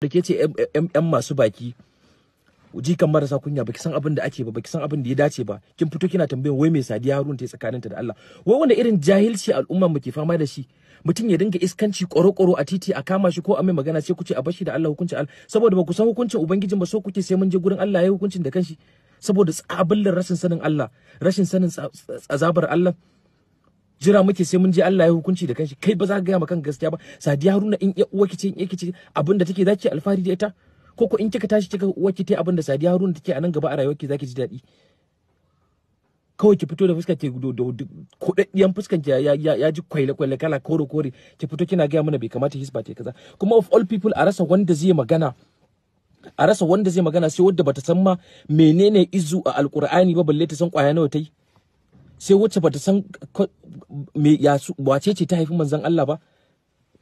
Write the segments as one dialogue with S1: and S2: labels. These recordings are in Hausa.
S1: da ke ce yan masu baki jikan marasa kunya baki san abin da ake ba baki san abin da ya dace ba kin fito kina tambayan wai mai sadiya harun ta tsakaninta da Allah wai wanda irin jahilci al'umma mu ke fama da shi mutum ya dinga iskanci koro a titi a kama shi ko a mai magana sai ku ce a bashi da Allah hukuncin Allah saboda ba ku san hukuncin ubangijin ba so kuke sai mun je gurin Allah ya hukuncin da kanshi saboda tsabillar rashin sanin Allah rashin sanin azabar Allah jira muke sai mun je Allah ya hukunci da kanshi kai ba za ka gaya maka gaskiya ba sadiya haruna in ya uwa kice in ya kice abinda da take zaki alfahari da ita ko ko in kika tashi kika uwa kice abinda da sadiya haruna take a nan gaba a ki zaki ji daɗi kawai ki fito da fuska ke kudaddiyan fuskan ki ya ji kwaila kwaila kala kore kore ki fito kina gaya mana bai kamata hisba ta kaza kuma of all people a rasa wanda zai magana a rasa wanda zai magana sai wadda bata san ma menene izu a alkur'ani ba balle ta san kwaya nawa ta yi sai wacce bata san me ya wace ce ta haifi manzon Allah ba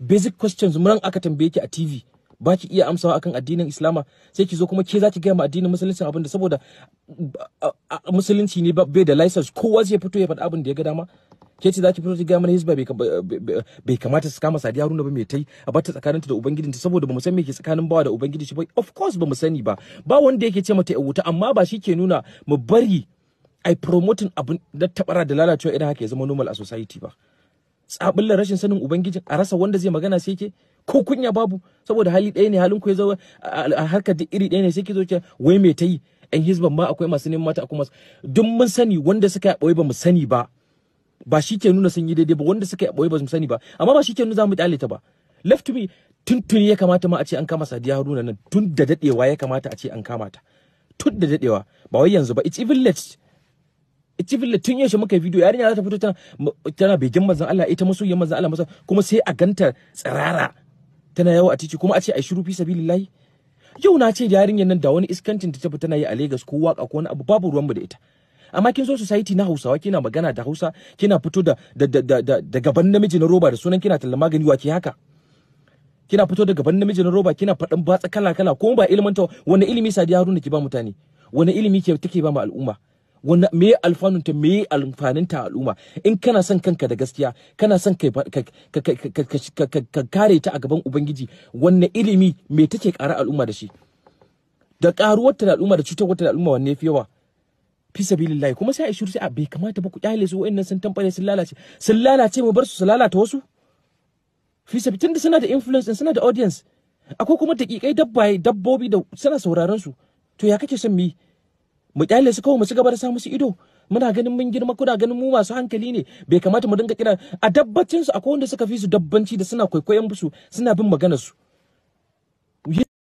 S1: basic questions muran aka tambaye ki a TV ba ki iya amsawa akan addinin Islama sai ki zo kuma ke za ki gaya ma addinin musulunci abin da saboda musulunci ne bai da license kowa zai fito ya faɗi abin da ya ga dama ke ce za ki fito ki gaya mana hisba bai kamata su kama Sadiya Haruna ba mai tai a bata tsakaninta da ta saboda bamu san me ke tsakanin bawa da ubangiji shi ba of course bamu sani ba ba wanda yake ce mata ya wuta amma ba shi ke nuna mu bari ai promoting abin da tabara da lalacewa idan haka ya zama normal a society ba tsabilla rashin sanin ubangijin a rasa wanda zai magana sai ke ko kunya babu saboda hali ɗaya ne halin ku ya zama a harkar da iri ɗaya ne sai ke zo ke wai me ta yi yan hizban ma akwai masu neman mata akwai masu duk mun sani wanda suka yaɓoyi ba mu sani ba ba shi ke nuna sun yi daidai ba wanda suka yaɓoyi ba mu sani ba amma ba shi ke nuna za mu ƙyale ta ba left to me tuntuni ya kamata ma a ce an kama sadiya haruna nan tun da daɗewa ya kamata a ce an kama ta tun da daɗewa ba wai yanzu ba it's even late civil tun yaushe muka video yarinya za ta fito tana tana begen manzon Allah ita masoyiyar manzon Allah masa kuma sai a ganta tsirara tana yawo a titi kuma a ce ai shiru fi sabilillahi yau na ce yarinyar nan da wani iskantin ta tafi tana yi a Lagos ko waka ko wani abu babu ruwan mu da ita amma kin so society na Hausawa kina magana da Hausa kina fito da da gaban namiji na roba da sunan kina talla magani wa ke haka kina fito da gaban namiji na roba kina fadin batsa kala kala kuma ba ta wani ilimi sadi Haruna ki ba mutane wani ilimi ke take ba mu al'umma wanda me alfanun ta me alfanin ta al'umma in kana son kanka da gaskiya kana son kai ka kare ta a gaban ubangiji wanne ilimi me take kara al'umma da shi da ƙaruwar ta al'umma da cutar ta al'umma wanne fi yawa fi sabilillahi kuma sai a shiru sai a bai kamata ba ku kyale su wa'annan sun tambare sun lalace sun lalace mu bar su su lalata wasu fi sabi tunda suna da influence suna da audience akwai kuma dakikai dabbai dabbobi da suna sauraron su to ya kake son mu yi mu kyale su kawai mu ci gaba da sa musu ido muna ganin mun girma kuna ganin mu masu hankali ne bai kamata mu dinga kira a dabbacin su akwai wanda suka fi su dabbanci da suna kwaikwayon su suna bin maganar su